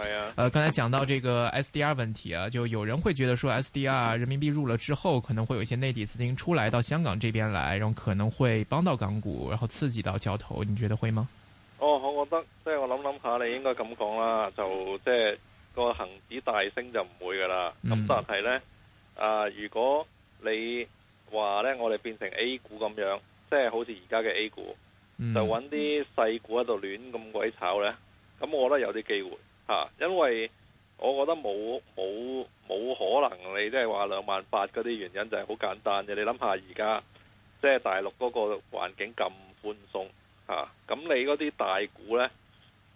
係啊，誒、呃，剛才講到這個 SDR 問題啊，就有人會覺得說 SDR 人民幣入了之後，可能會有一些內地資金出來到香港這邊來，然後可能會幫到港股，然後刺激到交投，你覺得會嗎？哦，我覺得即係、就是、我諗諗下，你應該咁講啦，就即係、就是、個恒指大升就唔會噶啦。咁、嗯、但係呢，啊、呃，如果你話呢，我哋變成 A 股咁樣，即、就、係、是、好似而家嘅 A 股，嗯、就揾啲細股喺度亂咁鬼炒呢，咁我覺得有啲機會。啊，因為我覺得冇冇冇可能，你即係話兩萬八嗰啲原因就係好簡單嘅。你諗下而家即係大陸嗰個環境咁寬鬆嚇，咁，啊，你嗰啲大股呢，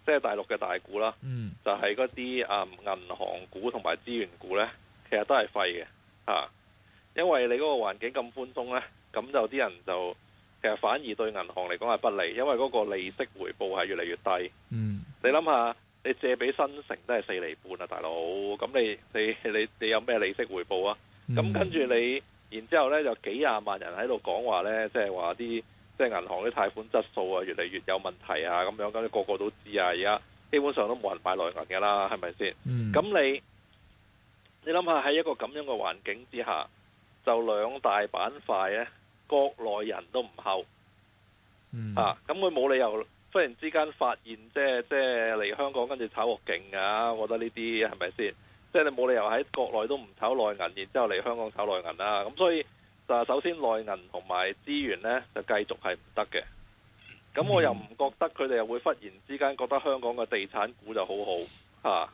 即係大陸嘅大股啦，就係嗰啲啊銀行股同埋資源股呢，其實都係廢嘅嚇，啊，因為你嗰個環境咁寬鬆呢，咁就啲人就其實反而對銀行嚟講係不利，因為嗰個利息回報係越嚟越低。嗯，你諗下。你借俾新城都係四厘半啊，大佬。咁你你你你有咩利息回報啊？咁跟住你，然之後咧就幾廿萬人喺度講話咧，即係話啲即係銀行啲貸款質素啊，越嚟越有問題啊，咁樣咁你個個都知啊。而家基本上都冇人買內銀噶啦，係咪先？咁、嗯、你你諗下喺一個咁樣嘅環境之下，就兩大板塊咧，國內人都唔厚，嗯啊，咁佢冇理由。忽然之間發現，即係即係嚟香港跟住炒鑊勁啊！我覺得呢啲係咪先？即係你冇理由喺國內都唔炒內銀，然之後嚟香港炒內銀啦、啊。咁所以就首先內銀同埋資源呢就繼續係唔得嘅。咁我又唔覺得佢哋又會忽然之間覺得香港嘅地產股就好好嚇。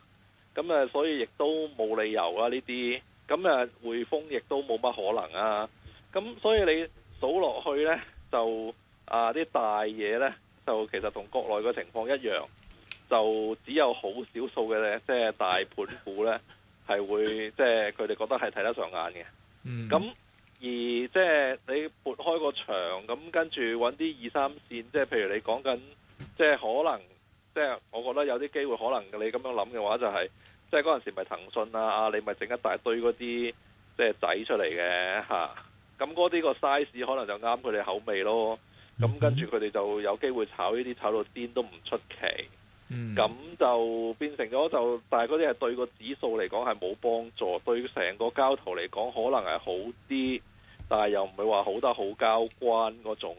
咁、啊、誒，所以亦都冇理由啊。呢啲咁誒，匯豐亦都冇乜可能啊。咁所以你數落去呢，就啊啲大嘢呢。就其實同國內嘅情況一樣，就只有好少數嘅咧，即係大盤股咧，係會，即係佢哋覺得係睇得上眼嘅。嗯。咁而即係你撥開個牆，咁跟住揾啲二三線，即係譬如你講緊，即係可能，即係我覺得有啲機會，可能你咁樣諗嘅話就係，即係嗰陣時咪騰訊啊、你咪整一大堆嗰啲即係仔出嚟嘅嚇，咁嗰啲個 size 可能就啱佢哋口味咯。咁、嗯、跟住佢哋就有機會炒呢啲，炒到癲都唔出奇。咁、嗯、就變成咗就，但係嗰啲係對個指數嚟講係冇幫助，對成個交投嚟講可能係好啲，但係又唔係話好得好交關嗰種。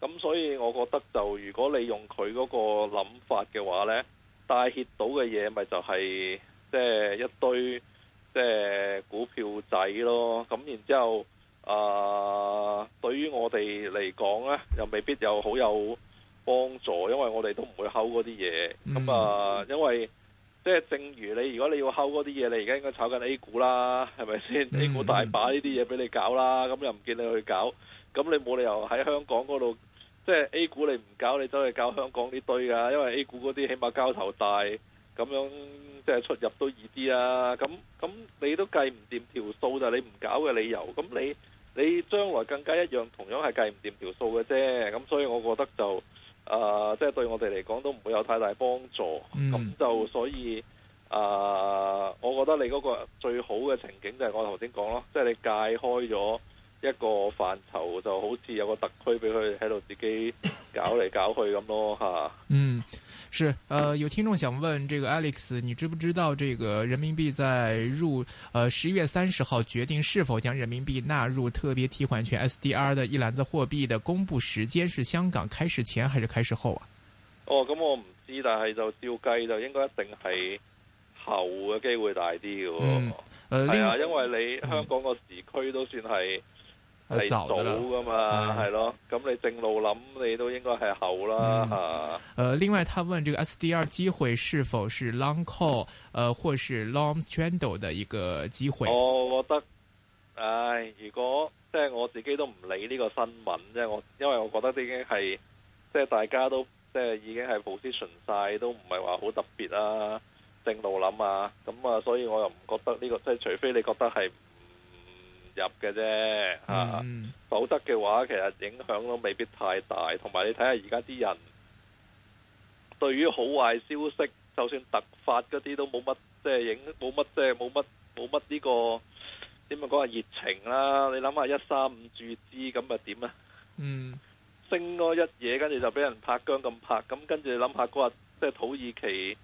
咁所以我覺得就如果你用佢嗰個諗法嘅話呢，帶挈到嘅嘢咪就係即係一堆即係、就是、股票仔咯。咁然之後。啊，uh, 對於我哋嚟講咧，又未必有好有幫助，因為我哋都唔會摳嗰啲嘢。咁、嗯、啊，因為即係、就是、正如你，如果你要摳嗰啲嘢，你而家應該炒緊 A 股啦，係咪先？A 股大把呢啲嘢俾你搞啦，咁、嗯、又唔見你去搞。咁你冇理由喺香港嗰度，即、就、係、是、A 股你唔搞，你走去搞香港呢堆噶，因為 A 股嗰啲起碼交投大，咁樣即係、就是、出入都易啲啊。咁咁你都計唔掂條數，就你唔搞嘅理由。咁你。你將來更加一樣，同樣係計唔掂條數嘅啫。咁所以我覺得就誒，即、呃、係、就是、對我哋嚟講都唔會有太大幫助。咁、嗯、就所以誒、呃，我覺得你嗰個最好嘅情景就係我頭先講咯，即、就、係、是、你界開咗一個範疇，就好似有個特區俾佢喺度自己搞嚟搞去咁咯，嚇、嗯。是，呃，有聽眾想問，這個 Alex，你知不知道這個人民幣在入，呃，十一月三十號決定是否將人民幣納入特別提款權 SDR 的一籃子貨幣的公布時間是香港開始前還是開始後啊？哦，咁我唔知，但係就照計就應該一定係後嘅機會大啲嘅，係、嗯、啊，因為你香港個時區都算係。係到噶嘛，係咯，咁的、嗯、你正路諗，你都應該係後啦吓。誒、嗯呃，另外，他問這個 S D R 機會是否是 long call，誒、呃，或是 long straddle 嘅一個機會。我覺得，唉、哎，如果即係我自己都唔理呢個新聞，即係我因為我覺得已經係即係大家都即係已經係 position 晒，都唔係話好特別啊，正路諗啊，咁啊，所以我又唔覺得呢、這個，即係除非你覺得係。入嘅啫嚇，嗯、否則嘅話其實影響都未必太大。同埋你睇下而家啲人對於好壞消息，就算突發嗰啲都冇乜即係影，冇乜即係冇乜冇乜呢個點啊講話熱情啦、啊。你諗下一三五注資咁啊點啊？嗯，升多一嘢跟住就俾人拍姜咁拍，咁跟住你諗下嗰日即係土耳其。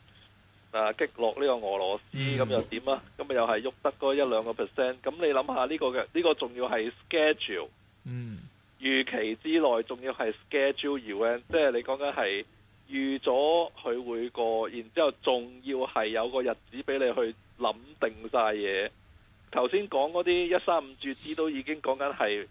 啊！擊落呢個俄羅斯咁、嗯、又點啊？咁又係喐得嗰一兩個 percent。咁你諗下呢個嘅呢個仲要係 schedule，嗯，預期之內仲要係 schedule event 即係你講緊係預咗佢會過，然之後仲要係有個日子俾你去諗定晒嘢。頭先講嗰啲一三五注資都已經講緊係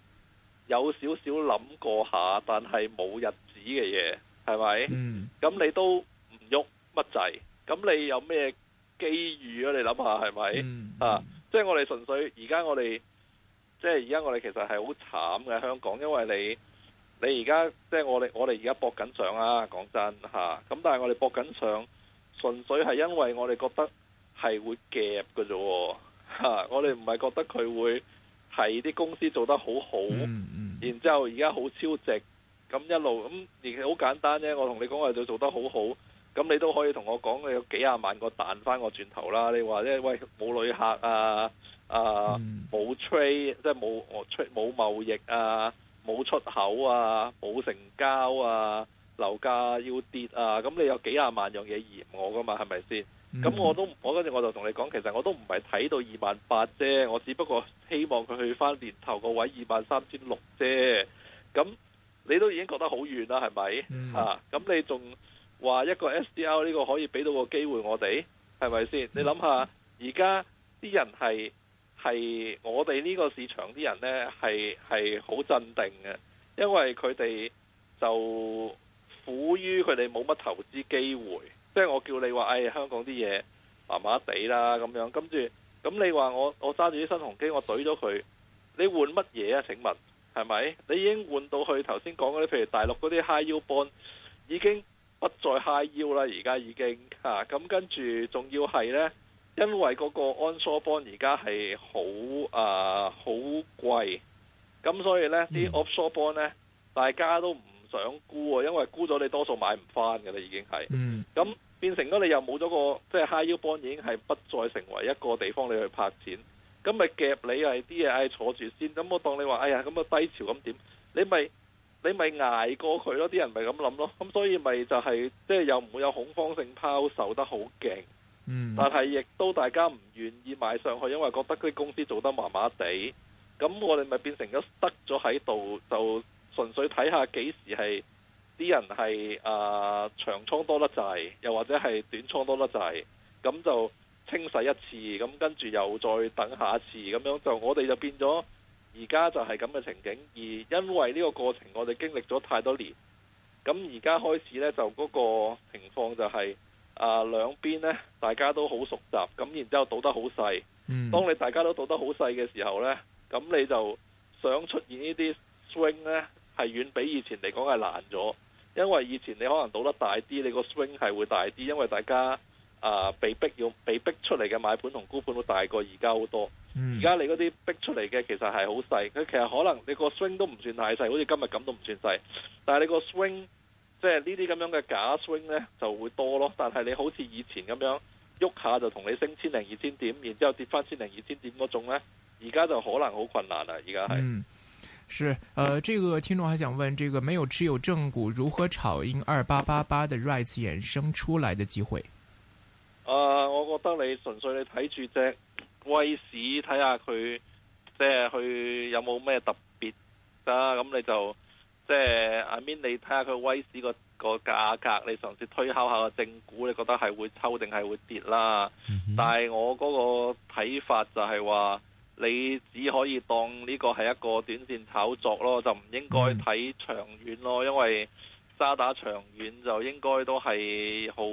有少少諗過下，但係冇日子嘅嘢係咪？咁、嗯、你都唔喐乜滯？咁你有咩機遇啊？你諗下係咪？是是嗯嗯、啊，即係我哋純粹而家我哋，即係而家我哋其實係好慘嘅香港，因為你你而家即係我哋我哋而家搏緊上啊，講真吓。咁、啊、但係我哋搏緊上，純粹係因為我哋覺得係會夾嘅啫，吓、啊、我哋唔係覺得佢會係啲公司做得好好，嗯嗯、然之後而家好超值，咁一路咁，而其、嗯、好簡單啫。我同你講我哋就做得好好。咁你都可以同我講，你有幾廿萬個彈翻我轉頭啦？你話咧，喂，冇旅客啊，啊冇、嗯、trade 即係冇出冇貿易啊，冇出口啊，冇成交啊，樓價要跌啊，咁你有幾廿萬樣嘢，嫌我噶嘛係咪先？咁、嗯、我都我跟住我就同你講，其實我都唔係睇到二萬八啫，我只不過希望佢去翻年頭個位二萬三千六啫。咁你都已經覺得好遠啦，係咪、嗯、啊？咁你仲？話一個 SDR 呢個可以俾到個機會我哋係咪先？你諗下，而家啲人係係我哋呢個市場啲人呢，係係好鎮定嘅，因為佢哋就苦於佢哋冇乜投資機會，即係我叫你話，誒、哎、香港啲嘢麻麻地啦咁樣，跟住咁你話我我揸住啲新鴻基我懟咗佢，你換乜嘢啊？請問係咪？你已經換到去頭先講嗰啲，譬如大陸嗰啲 High Yield Bond 已經。不再 high yield 啦，而家已經嚇咁、啊，跟住仲要係呢，因為嗰個 onshore bond 而家係好啊好貴，咁、呃、所以呢，啲、嗯、offshore bond 咧大家都唔想沽喎，因為沽咗你多數買唔返嘅啦，已經係。咁、嗯、變成咗你又冇咗個即係、就是、high yield bond 已經係不再成為一個地方你去拍錢，咁咪夾你係啲嘢唉坐住先，咁我當你話哎呀咁啊低潮咁點，你咪。你咪捱過佢咯，啲人咪咁諗咯，咁、嗯、所以咪就係即係又唔會有恐慌性拋售得好勁，嗯，但係亦都大家唔願意買上去，因為覺得啲公司做得麻麻地，咁我哋咪變成咗塞咗喺度，就純粹睇下幾時係啲人係啊、呃、長倉多得滯，又或者係短倉多得滯，咁就清洗一次，咁跟住又再等下一次咁樣就，就我哋就變咗。而家就係咁嘅情景，而因為呢個過程，我哋經歷咗太多年，咁而家開始咧，就嗰個情況就係啊兩邊咧，大家都好熟習，咁然之後賭得好細，嗯、當你大家都賭得好細嘅時候咧，咁你就想出現呢啲 swing 咧，係遠比以前嚟講係難咗，因為以前你可能賭得大啲，你個 swing 係會大啲，因為大家啊、呃、被逼要被逼出嚟嘅買盤同沽盤會大過而家好多。而家、嗯、你嗰啲逼出嚟嘅，其實係好細。佢其實可能你個 swing 都唔算太細，好似今日咁都唔算細。但係你個 swing，即係呢啲咁樣嘅假 swing 呢，就會多咯。但係你好似以前咁樣喐下就同你升千零二千點，然之後跌翻千零二千點嗰種咧，而家就可能好困難啦。而家係。嗯，是，呃，這個聽眾還想問，這個沒有持有正股如何炒因二八八八的 rights 衍生出來的機會？啊、呃，我覺得你純粹你睇住隻。威士睇下佢，即係佢有冇咩特別，啊？咁你就即係阿 I Min，mean, 你睇下佢威士、嗰個價格，你嘗試推敲下個正股，你覺得係會抽定係會跌啦？嗯、哼但係我嗰個睇法就係話，你只可以當呢個係一個短線炒作咯，就唔應該睇長遠咯，嗯、因為渣打長遠就應該都係好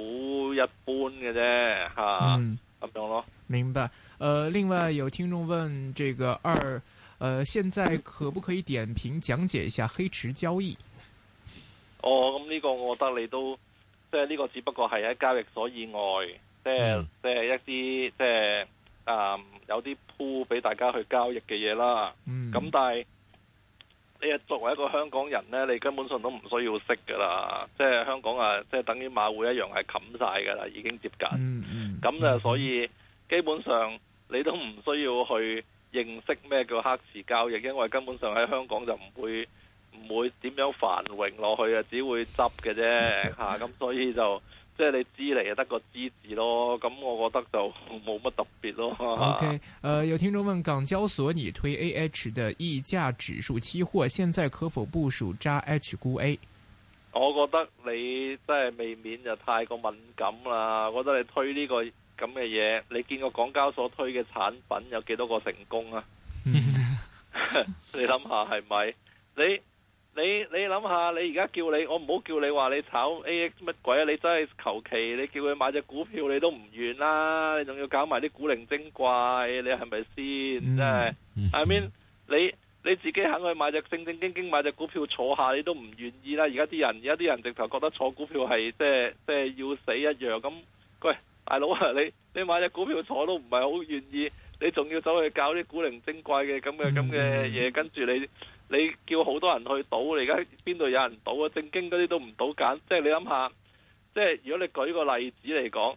一般嘅啫，吓、嗯。唔明咯，明白。呃，另外有聽眾問，這個二，呃，現在可不可以點評講解一下黑池交易？哦，咁呢個我覺得你都，即係呢個只不過係喺交易所以外，即係即係一啲即係，啊，有啲鋪俾大家去交易嘅嘢啦。嗯。咁但係，你作為一個香港人呢，你根本上都唔需要識噶啦。即係香港啊，即係等於馬會一樣係冚晒噶啦，已經接近。嗯咁就，嗯、所以基本上你都唔需要去認識咩叫黑池交易，因為根本上喺香港就唔會唔會點樣繁榮落去啊，只會執嘅啫嚇。咁、啊、所以就即係你知嚟就得個知字咯。咁、嗯、我覺得就冇乜特別咯。O K，誒有聽眾問港交所擬推 A H 的溢價指數期貨，現在可否部署揸 H 沽 A？我覺得你真係未免就太過敏感啦！我覺得你推呢個咁嘅嘢，你見過港交所推嘅產品有幾多個成功啊？ 你諗下係咪？你你你諗下，你而家叫你，我唔好叫你話你炒 A X 乜鬼啊！你真係求其，你叫佢買隻股票，你都唔願啦！你仲要搞埋啲古靈精怪，你係咪先？真係 ，I mean 你。你自己肯去買隻正正經經買隻股票坐下，你都唔願意啦。而家啲人，而家啲人直頭覺得坐股票係即係即係要死一樣。咁，喂，大佬啊，你你買隻股票坐都唔係好願意，你仲要走去搞啲古靈精怪嘅咁嘅咁嘅嘢，跟住你，你叫好多人去賭，你而家邊度有人賭啊？正經嗰啲都唔賭緊，即係你諗下，即係如果你舉個例子嚟講，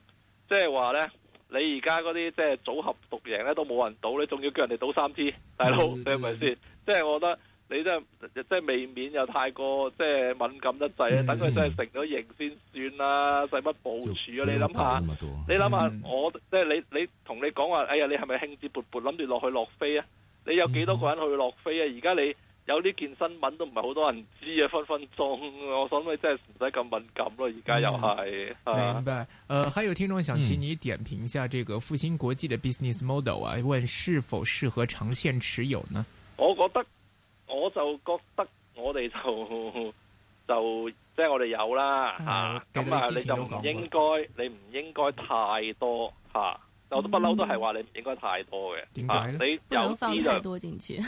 即係話呢。你而家嗰啲即係組合獨贏咧，都冇人賭，你仲要叫人哋賭三 T，大佬，你係咪先？是是即係我覺得你真係即係未免又太過即係敏感得滯、嗯、啊！等佢真係成咗型先算啦，使乜部署啊？就你諗下、嗯，你諗下我即係你你同你講話，哎呀，你係咪興致勃勃諗住落去落飛啊？你有幾多個人去落飛啊？而家、嗯、你？有呢件新聞都唔係好多人知啊，分分鐘，我想你真係唔使咁敏感咯，而家又係、嗯啊、明白。誒、呃，還有聽眾想請你點評一下這個復星國際的 business model 啊，問是否適合長線持有呢？我覺得，我就覺得我哋就就即係、就是、我哋有啦吓，咁啊，啊，啊你就唔應該，嗯、你唔應該太多吓、啊，我都不嬲都係話你唔應該太多嘅。點解、嗯？啊、你放太多進去。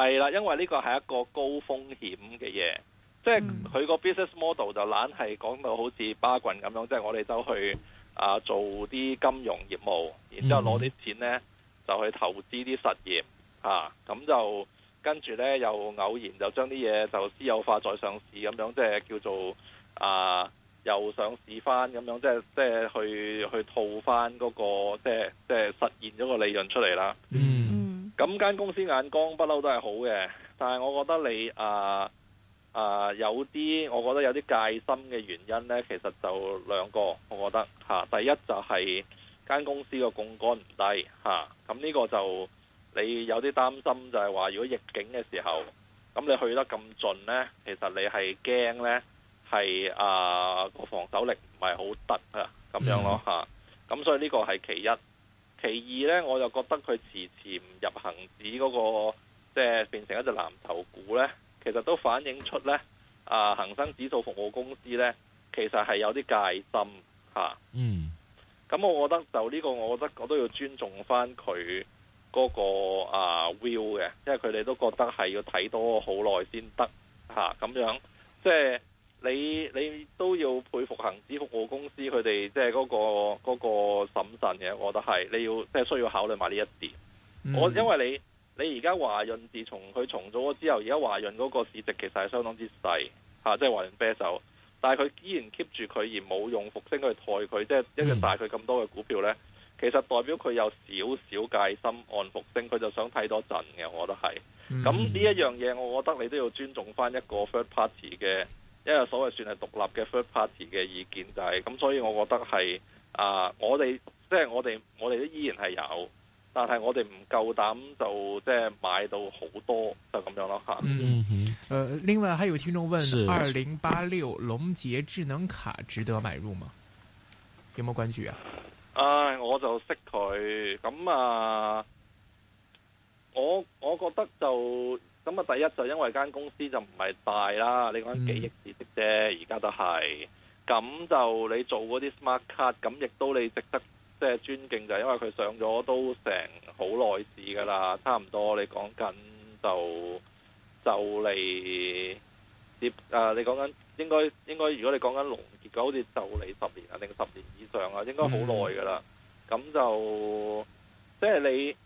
係啦，因為呢個係一個高風險嘅嘢，即係佢個 business model 就懶係講到好似巴郡咁樣，即係我哋走去啊做啲金融業務，然之後攞啲錢呢就去投資啲實業，吓、啊、咁就跟住呢，又偶然就將啲嘢就私有化再上市咁樣，即係叫做啊又上市翻咁樣，即係即係去去套翻嗰、那個即係即係實現咗個利潤出嚟啦。嗯。咁間公司眼光不嬲都係好嘅，但係我覺得你啊啊、呃呃、有啲，我覺得有啲戒心嘅原因呢，其實就兩個，我覺得嚇、啊。第一就係、是、間公司個槓桿唔低嚇，咁、啊、呢、嗯這個就你有啲擔心就，就係話如果逆境嘅時候，咁你去得咁盡呢，其實你係驚呢，係啊個防守力唔係好得啊咁樣咯嚇，咁、嗯啊嗯、所以呢個係其一。其二呢，我就覺得佢遲遲唔入恆指嗰、那個，即、就、係、是、變成一隻藍籌股呢，其實都反映出呢啊恆生指數服務公司呢，其實係有啲戒心嚇。啊、嗯，咁我覺得就呢個，我覺得我都要尊重翻佢嗰個啊 view 嘅，因為佢哋都覺得係要睇多好耐先得嚇，咁、啊、樣即係。就是你你都要佩服恆指服務公司佢哋即係嗰個嗰、那個、審慎嘅，我覺得係你要即係、就是、需要考慮埋呢一點。嗯、我因為你你而家華潤自從佢重組咗之後，而家華潤嗰個市值其實係相當之細嚇，即、啊、係、就是、華潤啤酒。但係佢依然 keep 住佢而冇用復星去抬佢，即、就、係、是、一個大佢咁多嘅股票呢，嗯、其實代表佢有少少戒心按復星，佢就想睇多陣嘅，我覺得係。咁呢一樣嘢，我覺得、嗯、我覺得你都要尊重翻一個 third party 嘅。因為所謂算係獨立嘅 third party 嘅意見就係、是、咁，所以我覺得係啊、呃，我哋即係我哋，我哋都依然係有，但係我哋唔夠膽就即係買到好多就咁、是、樣咯吓、嗯。嗯嗯，誒、呃，另外還有聽眾問：二零八六龍捷智能卡值得買入嗎？有冇關注啊？誒、呃，我就識佢咁啊，我我覺得就。咁啊，第一就因為間公司就唔係大啦，你講緊幾億市值啫，而家都係。咁就你做嗰啲 smart c 卡，咁亦都你值得即係尊敬就係因為佢上咗都成好耐市噶啦，差唔多你講緊就就嚟跌啊！你講緊應該應該，應該如果你講緊龍結果，好似就你十年啊，定十年以上啊，應該好耐噶啦。咁、嗯、就即係、就是、你。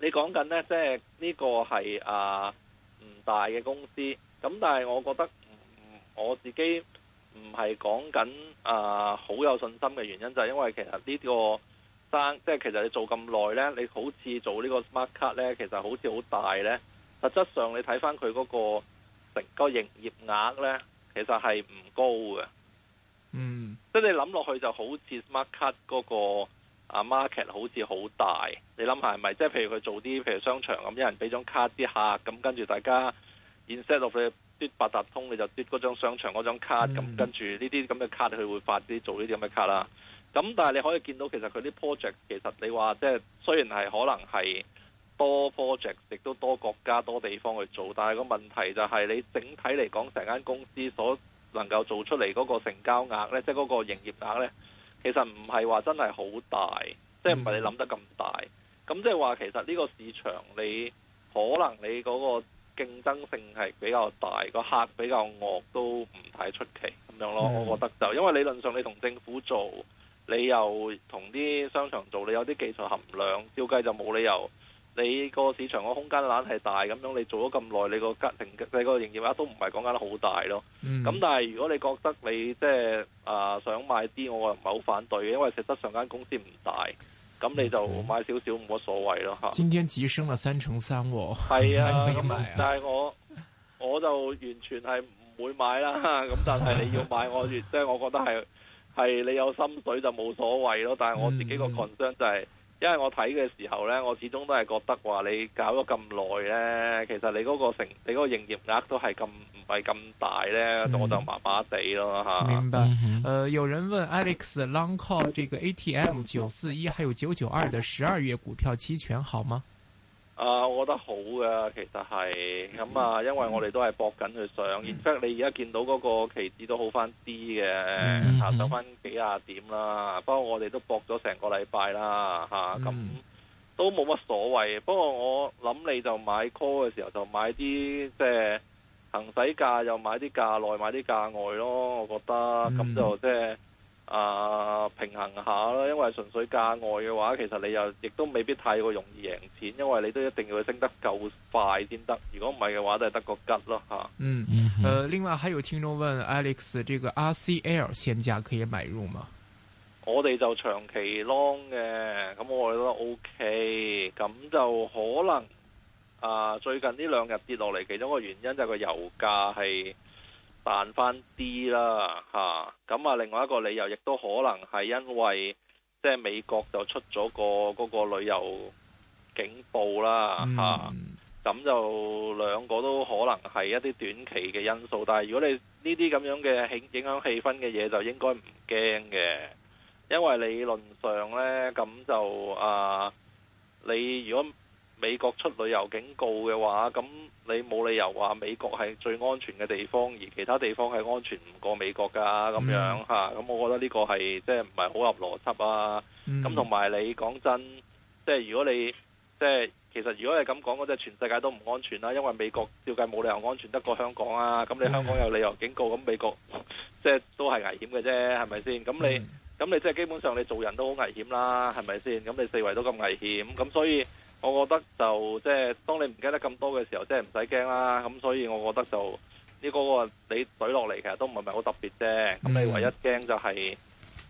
你講緊呢，即係呢個係啊唔大嘅公司，咁但係我覺得，嗯、我自己唔係講緊啊好有信心嘅原因，就係、是、因為其實呢、這個生，即係其實你做咁耐呢，你好似做個呢個 smart card 咧，其實好似好大呢。實質上你睇翻佢嗰個成、那個營業額呢，其實係唔高嘅。嗯，即係你諗落去就好似 smart card 嗰、那個。啊 market 好似好大，你諗下係咪？即係譬如佢做啲譬如商場咁，一人俾張卡啲客，咁跟住大家 insert 落去嘟八達通，你就嘟嗰張商場嗰張卡，咁、mm hmm. 跟住呢啲咁嘅卡，佢會發啲做呢啲咁嘅卡啦。咁但係你可以見到其實佢啲 project 其實你話即係雖然係可能係多 project，亦都多國家多地方去做，但係個問題就係、係、你整體嚟講成間公司所能夠做出嚟嗰個成交額呢，即係嗰個營業額呢。其實唔係話真係好大，即係唔係你諗得咁大。咁即係話其實呢個市場你可能你嗰個競爭性係比較大，個客比較惡都唔太出奇咁樣咯。嗯。我覺得就因為理論上你同政府做，你又同啲商場做，你有啲技術含量，照計就冇理由。你個市場個空間攬係大咁樣，你做咗咁耐，你個家庭、你個營業額都唔係講緊得好大咯。咁、嗯、但係如果你覺得你即係啊想買啲，我又唔係好反對，因為實質上間公司唔大，咁你就買少少冇乜所謂咯嚇。嗯啊、今天急升了三成三喎。啊，但係我我就完全係唔會買啦。咁但係你要買我，我即係我覺得係係你有心水就冇所謂咯。但係我自己個 concern、嗯、就係、是。因為我睇嘅時候咧，我始終都係覺得話你搞咗咁耐咧，其實你嗰個成你嗰個營業額都係咁唔係咁大咧，我就麻麻地咯吓。啊、明白。嗯嗯、呃，有人問 Alex Long Call 這個 ATM 九四一還有九九二的十二月股票期權，好嗎？啊，uh, 我覺得好嘅，其實係咁啊，嗯嗯、因為我哋都係搏緊佢上，嗯、而且你而家見到嗰個期指都好翻啲嘅，嗯啊、下收翻幾廿點啦。不過我哋都搏咗成個禮拜啦，嚇咁都冇乜所謂。不過我諗你就買 call 嘅時候就買啲即係行使價，又買啲價內，買啲價外咯。我覺得咁、嗯嗯、就即係。啊、呃，平衡下啦，因為純粹價外嘅話，其實你又亦都未必太過容易贏錢，因為你都一定要升得夠快先得，如果唔係嘅話，都係得個吉咯吓。嗯，誒、嗯哼呃，另外還有聽眾問 Alex，這個 RCL 現價可以買入嗎？我哋就長期 long 嘅，咁我哋都 OK，咁就可能啊、呃，最近呢兩日跌落嚟，其中一個原因就係個油價係彈翻啲啦，吓咁啊。另外一個理由，亦都可能係因為即係美國就出咗個嗰、嗰個旅遊警報啦，吓咁、嗯啊、就兩個都可能係一啲短期嘅因素。但係如果你呢啲咁樣嘅影響氣氛嘅嘢，就應該唔驚嘅，因為理論上呢，咁就啊、呃，你如果美國出旅遊警告嘅話，咁你冇理由話美國係最安全嘅地方，而其他地方係安全唔過美國噶咁樣吓。咁、mm hmm. 啊、我覺得呢個係即係唔係好合邏輯啊。咁同埋你講真，即、就、係、是、如果你即係、就是、其實如果你咁講，嗰即係全世界都唔安全啦、啊。因為美國照計冇理由安全得過香港啊。咁你香港有旅遊警告，咁美國即係、就是、都係危險嘅啫，係咪先？咁你咁、mm hmm. 你即係、就是、基本上你做人都好危險啦，係咪先？咁你四圍都咁危險，咁所以。我覺得就即係當你唔驚得咁多嘅時候，即係唔使驚啦。咁、嗯、所以我覺得就呢、這個你懟落嚟，其實都唔係咪好特別啫。咁你唯一驚就係、是、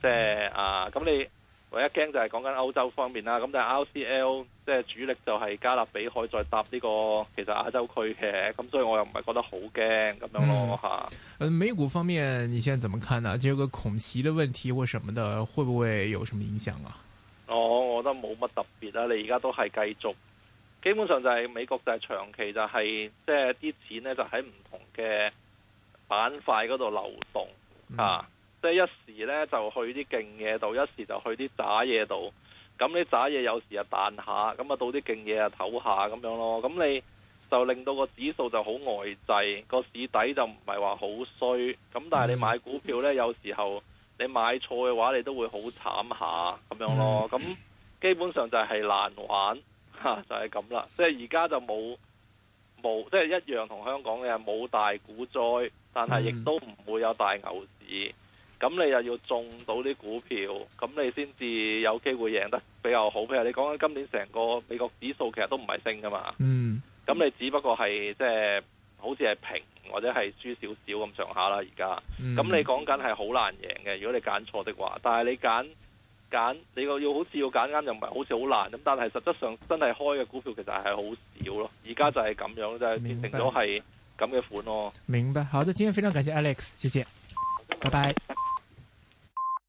即係啊，咁你唯一驚就係講緊歐洲方面啦。咁就 LCL 即係主力就係加勒比海再搭呢、這個其實亞洲區嘅。咁所以我又唔係覺得好驚咁樣咯嚇。誒、嗯嗯，美股方面你現在怎麼？啊，你先點看呢？如果有個恐襲嘅問題或什麼的，會不會有什麼影響啊？哦。我覺得冇乜特別啦，你而家都係繼續，基本上就係美國就係長期就係、是，即係啲錢呢，就喺、是、唔同嘅板塊嗰度流動、嗯、啊，即、就、係、是、一時呢，就去啲勁嘢度，一時就去啲渣嘢度，咁你渣嘢有時又彈下，咁啊到啲勁嘢又唞下咁樣咯，咁你就令到個指數就好呆滯，個市底就唔係話好衰，咁但係你買股票呢，有時候你買錯嘅話，你都會好慘下咁樣咯，咁、嗯。嗯基本上就係難玩，就係咁啦。即係而家就冇冇，即係一樣同香港嘅冇大股災，但係亦都唔會有大牛市。咁、嗯、你又要中到啲股票，咁你先至有機會贏得比較好。譬如你講緊今年成個美國指數，其實都唔係升㗎嘛。嗯。咁你只不過係即係好似係平或者係輸少少咁上下啦。而家。嗯。咁你講緊係好難贏嘅，如果你揀錯的話。但係你揀。揀你個要好似要揀啱又唔係，好似好難咁。但係實質上真係開嘅股票其實係好少咯。而家就係咁樣，就係變成咗係咁嘅款咯。明白，好的，今天非常感謝 Alex，謝謝，拜拜白。Bye bye